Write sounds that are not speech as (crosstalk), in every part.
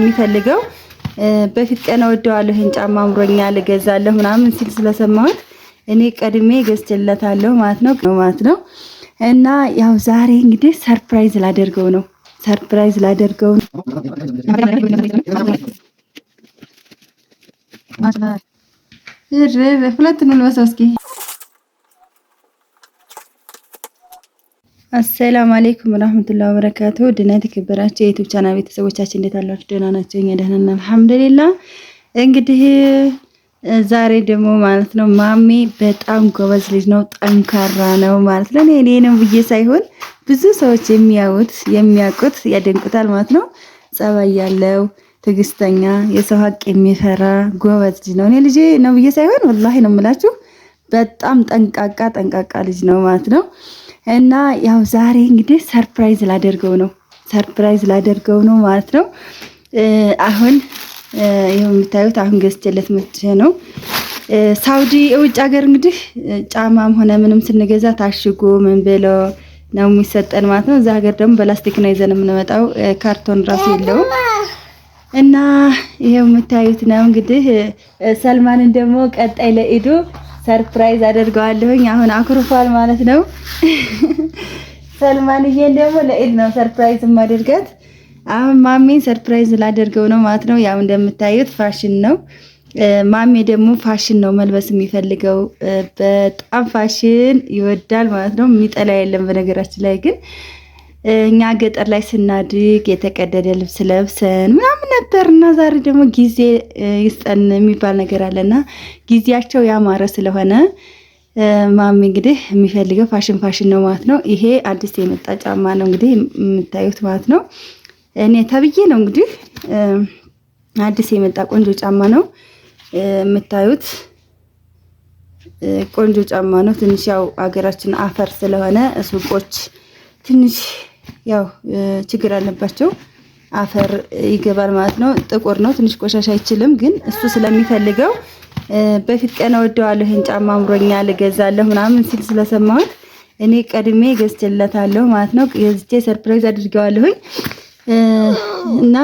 የሚፈልገው በፊት ቀን ወደዋለሁ ይህን ጫማ አምሮኛል እገዛለሁ ምናምን ሲል ስለሰማሁት እኔ ቀድሜ ገዝቼለታለሁ ማለት ነው ማለት ነው። እና ያው ዛሬ እንግዲህ ሰርፕራይዝ ላደርገው ነው። ሰርፕራይዝ ላደርገው ነው። ሁለት ነው ልበሰው እስኪ አሰላም አሌይኩም ረህመቱላሂ ወበረካቱ ድና የተከበራችሁ የዩቲዩብ ቻናል ቤተሰቦቻችን እንዴት አላችሁ? ደህና ናቸው። እኛ ደህና ነን አልሐምዱሊላህ። እንግዲህ ዛሬ ደግሞ ማለት ነው ማሜ በጣም ጎበዝ ልጅ ነው፣ ጠንካራ ነው ማለት ነው። እኔ ነው ብዬ ሳይሆን ብዙ ሰዎች የሚያዩት የሚያውቁት ያደንቁታል ማለት ነው። ጸባይ ያለው ትዕግስተኛ፣ የሰው ሀቅ የሚፈራ ጎበዝ ልጅ ነው። እኔ ልጄ ነው ብዬ ሳይሆን ወላሂ ነው የምላችሁ በጣም ጠንቃቃ ጠንቃቃ ልጅ ነው ማለት ነው። እና ያው ዛሬ እንግዲህ ሰርፕራይዝ ላደርገው ነው። ሰርፕራይዝ ላደርገው ነው ማለት ነው። አሁን ይኸው የምታዩት አሁን ገዝቼለት መጥቼ ነው። ሳውዲ የውጭ ሀገር እንግዲህ ጫማም ሆነ ምንም ስንገዛ ታሽጎ ምን ብሎ ነው የሚሰጠን ማለት ነው። እዛ ሀገር ደግሞ በላስቲክ ነው ይዘን የምንመጣው ካርቶን ራሱ የለውም። እና ይሄው የምታዩት ነው እንግዲህ ሰልማንን ደግሞ ቀጣይ ለኢዱ ሰርፕራይዝ አደርገዋለሁኝ። አሁን አኩርፏል ማለት ነው። ሰልማንዬን ደግሞ ለኢድ ነው ሰርፕራይዝ ማደርጋት። አሁን ማሜን ሰርፕራይዝ ላደርገው ነው ማለት ነው። ያው እንደምታዩት ፋሽን ነው። ማሜ ደግሞ ፋሽን ነው መልበስ የሚፈልገው። በጣም ፋሽን ይወዳል ማለት ነው። የሚጠላ የለም። በነገራችን ላይ ግን እኛ ገጠር ላይ ስናድግ የተቀደደ ልብስ ለብሰን ምናምን ነበር እና ዛሬ ደግሞ ጊዜ ይስጠን የሚባል ነገር አለና ጊዜያቸው ያማረ ስለሆነ ማሚ እንግዲህ የሚፈልገው ፋሽን ፋሽን ነው ማለት ነው። ይሄ አዲስ የመጣ ጫማ ነው እንግዲህ የምታዩት ማለት ነው። እኔ ተብዬ ነው እንግዲህ አዲስ የመጣ ቆንጆ ጫማ ነው የምታዩት። ቆንጆ ጫማ ነው። ትንሽ ያው አገራችን አፈር ስለሆነ ሱቆች ትንሽ ያው ችግር አለባቸው። አፈር ይገባል ማለት ነው። ጥቁር ነው፣ ትንሽ ቆሻሻ አይችልም፣ ግን እሱ ስለሚፈልገው በፊት ቀን ወደዋለሁ ይህን ጫማ አምሮኛል እገዛለሁ ምናምን ሲል ስለሰማሁት እኔ ቀድሜ ገዝቼለታለሁ ማለት ነው። ገዝቼ ሰርፕራይዝ አድርገዋለሁኝ እና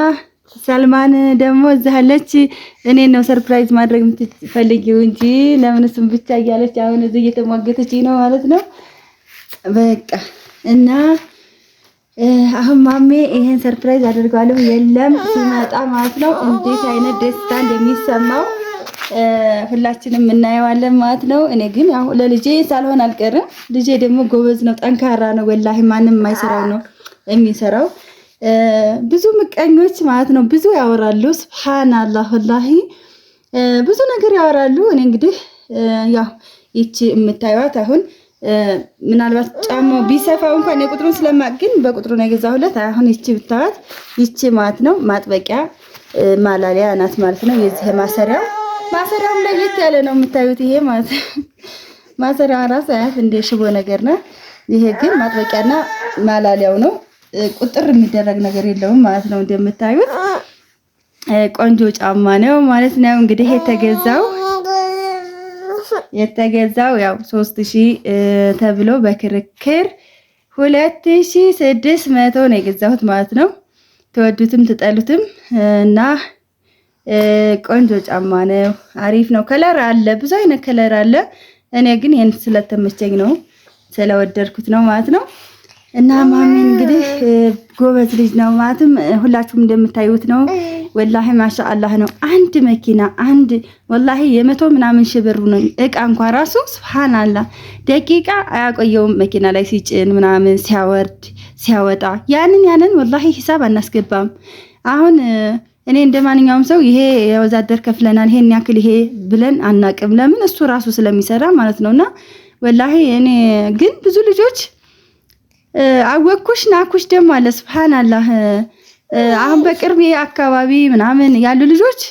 ሰልማን ደግሞ እዛለች እኔ ነው ሰርፕራይዝ ማድረግ የምትፈልጊው እንጂ ለምን እሱም ብቻ እያለች አሁን እዚህ እየተሟገተች ነው ማለት ነው። በቃ እና አሁን ማሜ ይሄን ሰርፕራይዝ አድርገዋለሁ። የለም ሲመጣ ማለት ነው እንዴት አይነት ደስታ እንደሚሰማው ሁላችንም እናየዋለን ማለት ነው። እኔ ግን ያው ለልጄ ሳልሆን አልቀርም። ልጄ ደግሞ ጎበዝ ነው፣ ጠንካራ ነው። ወላሂ ማንም የማይሰራው ነው የሚሰራው። ብዙ ምቀኞች ማለት ነው ብዙ ያወራሉ። ስብሓናላህ ወላሂ ብዙ ነገር ያወራሉ። እኔ እንግዲህ ያው ይቺ የምታዩት አሁን ምናልባት ጫማው ቢሰፋው እንኳን የቁጥሩን ስለማቅ ግን በቁጥሩ ነው የገዛሁለት። አሁን ይቺ ብታዋት ይቺ ማለት ነው ማጥበቂያ ማላሊያ ናት ማለት ነው። የዚህ ማሰሪያ ማሰሪያውም ለየት ያለ ነው የምታዩት። ይሄ ማለት (laughs) ማሰሪያ ራስ አያት እንደ ሽቦ ነገር ነው። ይሄ ግን ማጥበቂያና ማላሊያው ነው። ቁጥር የሚደረግ ነገር የለውም ማለት ነው። እንደምታዩት ቆንጆ ጫማ ነው ማለት ነው። እንግዲህ የተገዛው የተገዛው ያው ሶስት ሺህ ተብሎ በክርክር ሁለት ሺህ ስድስት መቶ ነው የገዛሁት ማለት ነው። ተወዱትም ትጠሉትም እና ቆንጆ ጫማ ነው። አሪፍ ነው። ከለር አለ፣ ብዙ አይነት ከለር አለ። እኔ ግን ይህን ስለተመቸኝ ነው ስለወደድኩት ነው ማለት ነው። እና ማሚ እንግዲህ ጎበዝ ልጅ ነው ማለትም ሁላችሁም እንደምታዩት ነው። ወላሂ ማሻአላህ ነው። አንድ መኪና አንድ ወላሂ የመቶ ምናምን ሺህ ብር ነው እቃ እንኳን ራሱ ሱብሃንአላህ ደቂቃ አያቆየውም። መኪና ላይ ሲጭን ምናምን ሲያወርድ ሲያወጣ ያንን ያንን ወላሂ ሂሳብ አናስገባም። አሁን እኔ እንደ ማንኛውም ሰው ይሄ የወዛደር ከፍለናል ይሄን ያክል ይሄ ብለን አናቅም። ለምን እሱ ራሱ ስለሚሰራ ማለት ነውና ወላሂ እኔ ግን ብዙ ልጆች አወቅኩሽ ናኩሽ ደግሞ አለ። ስብሃንአላህ አሁን በቅርቤ አካባቢ ምናምን ያሉ ልጆች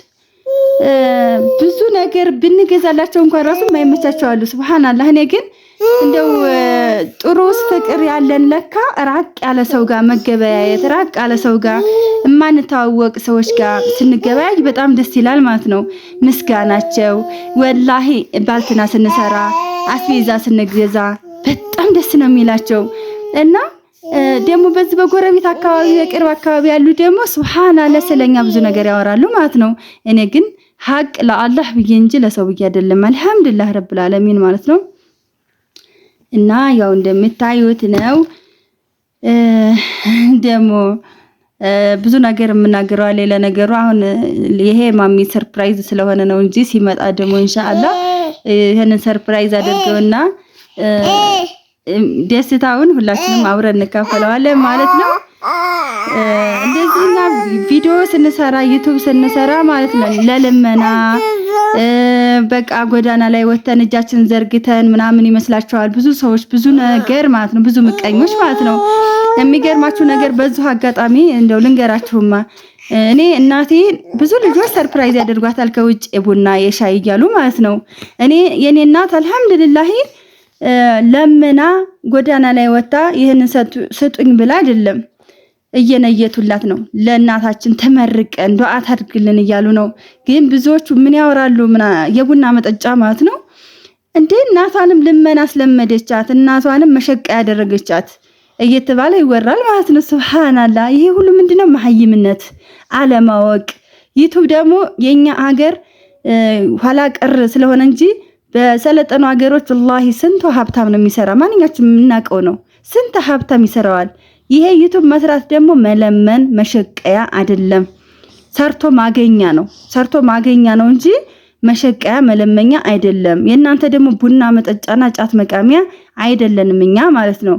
ብዙ ነገር ብንገዛላቸው እንኳን ራሱ የማይመቻቸው አሉ። ስብሃንአላህ እኔ ግን እንደው ጥሩስ ፍቅር ያለን ለካ ራቅ ያለ ሰው ጋር መገበያየት፣ ራቅ ያለ ሰው ጋር የማንተዋወቅ ሰዎች ጋር ስንገበያይ በጣም ደስ ይላል ማለት ነው። ምስጋናቸው ወላሂ ባልትና ስንሰራ አስቤዛ ስንገዛ በጣም ደስ ነው የሚላቸው። እና ደግሞ በዚህ በጎረቤት አካባቢ በቅርብ አካባቢ ያሉ ደግሞ ስብሓናለ ስለኛ ብዙ ነገር ያወራሉ ማለት ነው። እኔ ግን ሀቅ ለአላህ ብዬ እንጂ ለሰው ብዬ አይደለም። አልሐምዱሊላህ ረብል ማለት ነው። እና ያው እንደምታዩት ነው ደግሞ ብዙ ነገር የምናገረው ሌላ ነገሩ አሁን ይሄ ማሚ ሰርፕራይዝ ስለሆነ ነው እንጂ ሲመጣ ደግሞ ኢንሻአላህ ይሄንን ሰርፕራይዝ አድርገውና ደስታውን ሁላችንም አብረን እንካፈለዋለን ማለት ነው። እንደዚህና ቪዲዮ ስንሰራ ዩቱብ ስንሰራ ማለት ነው ለልመና በቃ ጎዳና ላይ ወተን እጃችን ዘርግተን ምናምን ይመስላቸዋል ብዙ ሰዎች ብዙ ነገር ማለት ነው ብዙ ምቀኞች ማለት ነው። የሚገርማችሁ ነገር በዚሁ አጋጣሚ እንደው ልንገራችሁማ እኔ እናቴ ብዙ ልጆች ሰርፕራይዝ ያደርጓታል ከውጭ የቡና የሻይ እያሉ ማለት ነው። እኔ የኔ እናት አልሐምድልላሂ ለምና ጎዳና ላይ ወጣ ይህንን ስጡኝ ብላ አይደለም። እየነየቱላት ነው። ለእናታችን ተመርቀን ዱዓ ታድርግልን እያሉ ነው። ግን ብዙዎቹ ምን ያወራሉ? የቡና መጠጫ ማለት ነው እንዴ! እናቷንም ልመና አስለመደቻት፣ እናቷንም መሸቃ ያደረገቻት እየተባለ ይወራል ማለት ነው። ስብሓናላ ይሄ ሁሉ ምንድነው? መሀይምነት፣ አለማወቅ። ዩቱብ ደግሞ የኛ ሀገር ኋላ ቀር ስለሆነ እንጂ በሰለጠኑ ሀገሮች ወላሂ ስንቱ ሀብታም ነው የሚሰራ። ማንኛችን የምናውቀው ነው። ስንት ሀብታም ይሰራዋል። ይሄ ዩቱብ መስራት ደግሞ መለመን መሸቀያ አይደለም፣ ሰርቶ ማገኛ ነው። ሰርቶ ማገኛ ነው እንጂ መሸቀያ መለመኛ አይደለም። የእናንተ ደግሞ ቡና መጠጫና ጫት መቃሚያ አይደለንም እኛ ማለት ነው።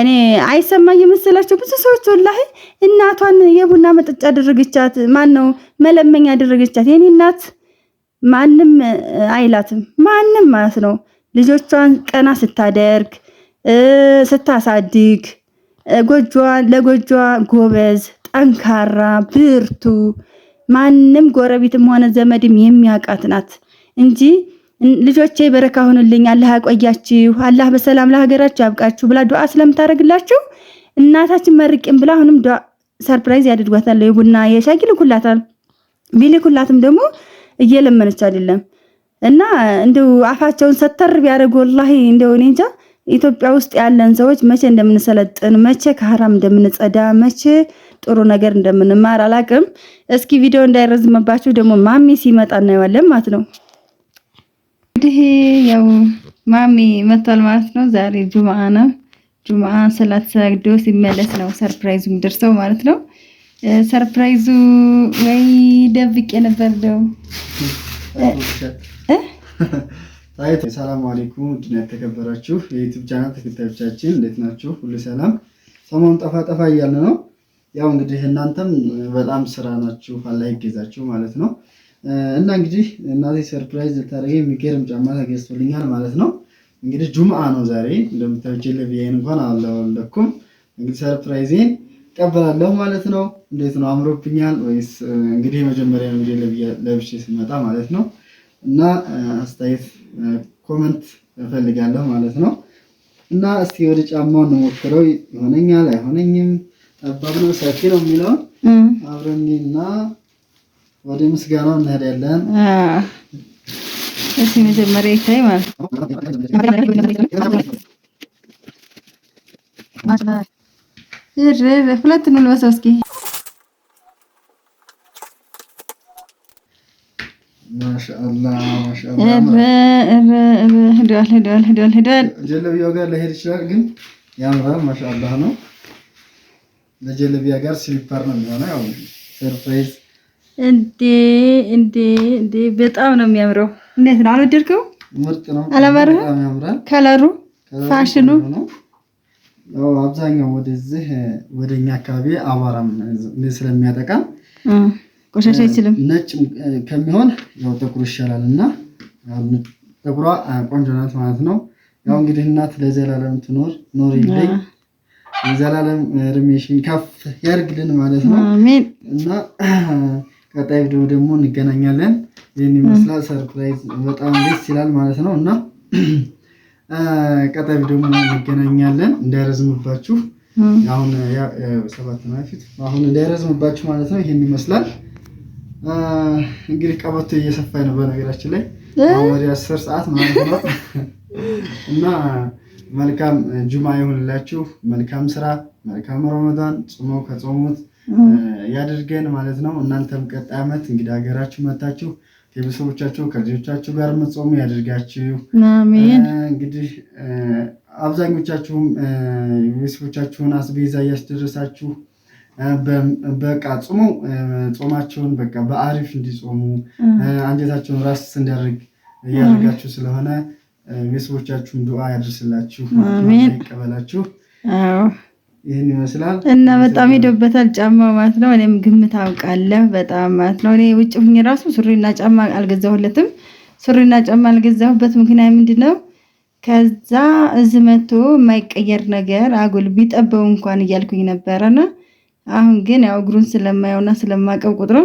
እኔ አይሰማ የመሰላቸው ብዙ ሰዎች ወላሂ እናቷን የቡና መጠጫ አደረገቻት፣ ማን ነው መለመኛ አደረገቻት የኔ እናት ማንም አይላትም። ማንም ማለት ነው። ልጆቿን ቀና ስታደርግ ስታሳድግ፣ ጎጇን ለጎጇ ጎበዝ፣ ጠንካራ፣ ብርቱ ማንም ጎረቤትም ሆነ ዘመድም የሚያውቃት ናት እንጂ ልጆቼ በረካ ሆኑልኝ፣ አላህ ያቆያችሁ፣ አላህ በሰላም ለሀገራችሁ ያብቃችሁ ብላ ዱዓ ስለምታደርግላችሁ እናታችን መርቅም ብላ አሁንም ዱዓ ሰርፕራይዝ ያደርጓታል። የቡና የሻይ ይልኩላታል። ቢልኩላትም ደግሞ እየለመነች አይደለም እና እንደው አፋቸውን ሰተር ቢያደርጉ ወላሂ እንደው እኔ እንጃ ኢትዮጵያ ውስጥ ያለን ሰዎች መቼ እንደምንሰለጥን መቼ ከሀራም እንደምንጸዳ መቼ ጥሩ ነገር እንደምንማር አላቅም። እስኪ ቪዲዮ እንዳይረዝምባችሁ ደግሞ ማሚ ሲመጣ እናየዋለን ማለት ነው። እንግዲህ ያው ማሚ መቷል ማለት ነው። ዛሬ ጁምአ ነው። ጁምአ ሰላት ሰግዶ ሲመለስ ነው ሰርፕራይዙ ደርሰው ማለት ነው። ሰርፕራይዙ ወይ ደብቄ ነበር ደው ሰላም አለይኩም ድና ያተከበራችሁ የዩቲዩብ ቻናል ተከታዮቻችን እንዴት ናችሁ? ሁሉ ሰላም? ሰሞኑን ጠፋ ጠፋ እያለ ነው። ያው እንግዲህ እናንተም በጣም ስራ ናችሁ፣ አላህ ይገዛችሁ ማለት ነው። እና እንግዲህ እናቴ ሰርፕራይዝ ልታደርገኝ የሚገርም ጫማ ተገዝቶልኛል ማለት ነው። እንግዲህ ጁምአ ነው ዛሬ እንደምታዩ ለብዬን እንኳን አላወለኩም እንግዲህ ሰርፕራይዜን ቀበላለሁ ማለት ነው። እንዴት ነው አምሮብኛል ወይስ? እንግዲህ የመጀመሪያ እንግዲህ ለብሼ ስመጣ ማለት ነው እና አስተያየት ኮመንት እፈልጋለሁ ማለት ነው እና እስቲ ወደ ጫማው እንሞክረው። ይሆነኛል አይሆነኝም፣ ጠባብ ነው ሰፊ ነው የሚለው አብረን እና ወደ ምስጋናው እንሄዳለን። እሺ መጀመሪያ ይታይ ማለት ነው ሁለቱን ልበሰው እስኪ። ሄደዋል ሄደዋል ሄደዋል ሄደዋል። ጋር ለሄድ ይችላል፣ ግን ያምራል። ማሻአላህ ነው። ለጀለቢያ ጋር ስሊፐር ነው የሚሆነው። ያው ሰርፕራይዝ። እንዴ እንዴ እንዴ! በጣም ነው የሚያምረው። እንዴት ነው? አልወደድከው? ምርጥ ነው። አላማረህም? ከለሩ ፋሽኑ አብዛኛው ወደዚህ ወደኛ አካባቢ አቧራም ስለሚያጠቃ ቆሻሻ አይችልም። ነጭ ከሚሆን ያው ጥቁር ይሻላል እና ጥቁሯ ቆንጆ ናት ማለት ነው። ያው እንግዲህ እናት ለዘላለም ትኖር ኖር ይለኝ ዘላለም እድሜሽን ከፍ ያድርግልን ማለት ነው እና ቀጣይ ቪዲዮ ደግሞ እንገናኛለን። ይህን ይመስላል ሰርፕራይዝ በጣም ደስ ይላል ማለት ነው እና (clears throat) ቀጣይ ደግሞ እንገናኛለን። እንዳይረዝምባችሁ አሁን ሰባት ፊት አሁን እንዳይረዝምባችሁ ማለት ነው። ይሄን ይመስላል እንግዲህ ቀበቶ እየሰፋኝ ነው በነገራችን ላይ ወደ አስር ሰዓት ማለት ነው እና መልካም ጁማ ይሁንላችሁ። መልካም ስራ፣ መልካም ረመዳን ጽሞ ከጾሙት ያድርገን ማለት ነው። እናንተም ቀጣይ ዓመት እንግዲህ ሀገራችሁ መታችሁ ከቤተሰቦቻቸው ከልጆቻቸው ጋር መጾሙ ያደርጋችሁ። እንግዲህ አብዛኞቻችሁም ቤተሰቦቻችሁን አስቤዛ እያስደረሳችሁ በቃ ጾሙ ጾማቸውን በቃ በአሪፍ እንዲጾሙ አንጀታቸውን ራስ እንዲያደርግ እያደርጋችሁ ስለሆነ ቤተሰቦቻችሁን ዱዓ ያደርስላችሁ፣ ይቀበላችሁ። ይህን ይመስላል እና በጣም ሄዶበታል። ጫማ ማለት ነው። እኔም ግምት አውቃለሁ በጣም ማለት ነው። እኔ ውጭ ሁኝ ራሱ ሱሪና ጫማ አልገዛሁለትም። ሱሪና ጫማ አልገዛሁበት ምክንያት ምንድን ነው? ከዛ እዚህ መቶ የማይቀየር ነገር አጉል ቢጠበው እንኳን እያልኩኝ ነበረና አሁን ግን ያው እግሩን ስለማየውና ስለማቀው ቁጥሩ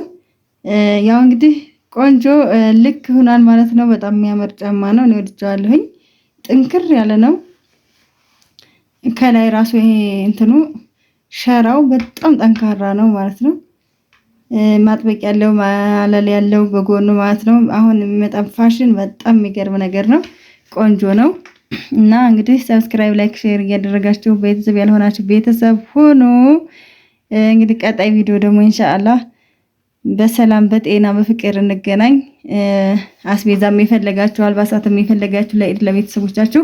ያው እንግዲህ ቆንጆ ልክ ሆኗል ማለት ነው። በጣም የሚያምር ጫማ ነው። እኔ ወድጀዋለሁኝ። ጥንክር ያለ ነው። ከላይ ራሱ ይሄ እንትኑ ሸራው በጣም ጠንካራ ነው ማለት ነው። ማጥበቅ ያለው ማለል ያለው በጎኑ ማለት ነው። አሁን የሚመጣ ፋሽን በጣም የሚገርም ነገር ነው። ቆንጆ ነው እና እንግዲህ ሰብስክራይብ፣ ላይክ፣ ሼር እያደረጋችሁ ቤተሰብ ያልሆናችሁ ቤተሰብ ሆኖ እንግዲህ ቀጣይ ቪዲዮ ደግሞ ኢንሻአላህ በሰላም በጤና በፍቅር እንገናኝ። አስቤዛም የፈለጋችሁ አልባሳትም የፈለጋችሁ ለኢድ ለቤተሰቦቻችሁ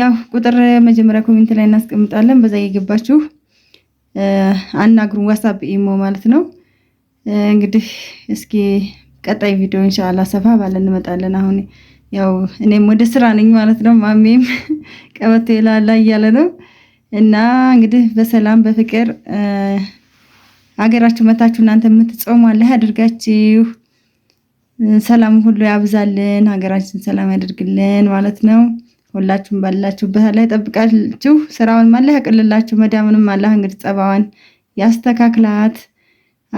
ያው ቁጥር መጀመሪያ ኮሜንት ላይ እናስቀምጣለን። በዛ እየገባችሁ አናግሩ፣ ዋትስአፕ፣ ኢሞ ማለት ነው። እንግዲህ እስኪ ቀጣይ ቪዲዮ ኢንሻአላህ ሰፋ ባለ እንመጣለን። አሁን ያው እኔም ወደ ስራ ነኝ ማለት ነው። ማሜም (laughs) ቀበቶ ላላ እያለ ነው እና እንግዲህ በሰላም በፍቅር አገራችሁ መታችሁ እናንተ የምትጾሙ አለ ያደርጋችሁ፣ ሰላም ሁሉ ያብዛልን፣ ሀገራችን ሰላም ያደርግልን ማለት ነው። ሁላችሁም ባላችሁበት ላይ ጠብቃችሁ ስራውን አላህ ያቅልላችሁ። መዳምንም አላህ እንግዲህ ጸባዋን ያስተካክላት።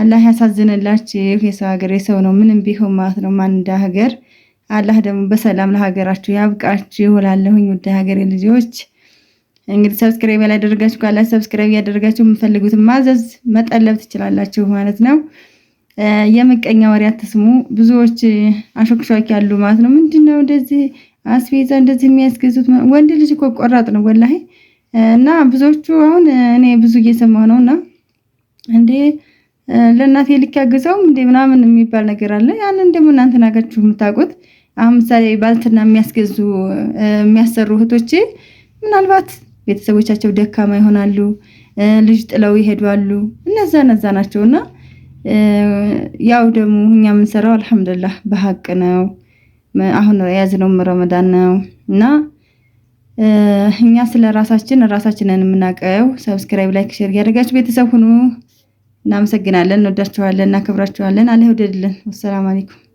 አላህ ያሳዝንላችሁ። የሰው ሀገር የሰው ነው ምንም ቢሆን ማለት ነው ማን እንደ ሀገር አላህ ደግሞ በሰላም ለሀገራችሁ ያብቃችሁ። ላለሁኝ ወደ ሀገሬ ልጆች እንግዲህ ሰብስክራይብ ያላደረጋችሁ ካለ ሰብስክራይብ ያደረጋችሁ የምፈልጉትን ማዘዝ መጠለብ ትችላላችሁ ማለት ነው። የምቀኛ ወሬ አትስሙ። ብዙዎች አሾክሻኪ ያሉ ማለት ነው። ምንድነው እንደዚህ አስቤዛ እንደዚህ የሚያስገዙት ወንድ ልጅ እኮ ቆራጥ ነው ወላሂ። እና ብዙዎቹ አሁን እኔ ብዙ እየሰማሁ ነው እና እንዴ ለእናቴ ልክ ያግዘውም እንዴ ምናምን የሚባል ነገር አለ። ያንን ደግሞ እናንተ ናጋችሁ የምታውቁት። አሁን ምሳሌ ባልትና የሚያስገዙ የሚያሰሩ እህቶቼ ምናልባት ቤተሰቦቻቸው ደካማ ይሆናሉ፣ ልጅ ጥለው ይሄዷሉ። እነዛ እነዛ ናቸውና ያው ደግሞ እኛ የምንሰራው አልሐምዱላህ በሀቅ ነው። አሁን የያዝነውም ረመዳን ነው እና እኛ ስለ ራሳችን ራሳችንን የምናውቀው። ሰብስክራይብ፣ ላይክ፣ ሼር እያደረጋችሁ ቤተሰብ ሁኑ። እናመሰግናለን። እንወዳችኋለን፣ እናከብራችኋለን። አለ ይውደድልን። ወሰላም አለይኩም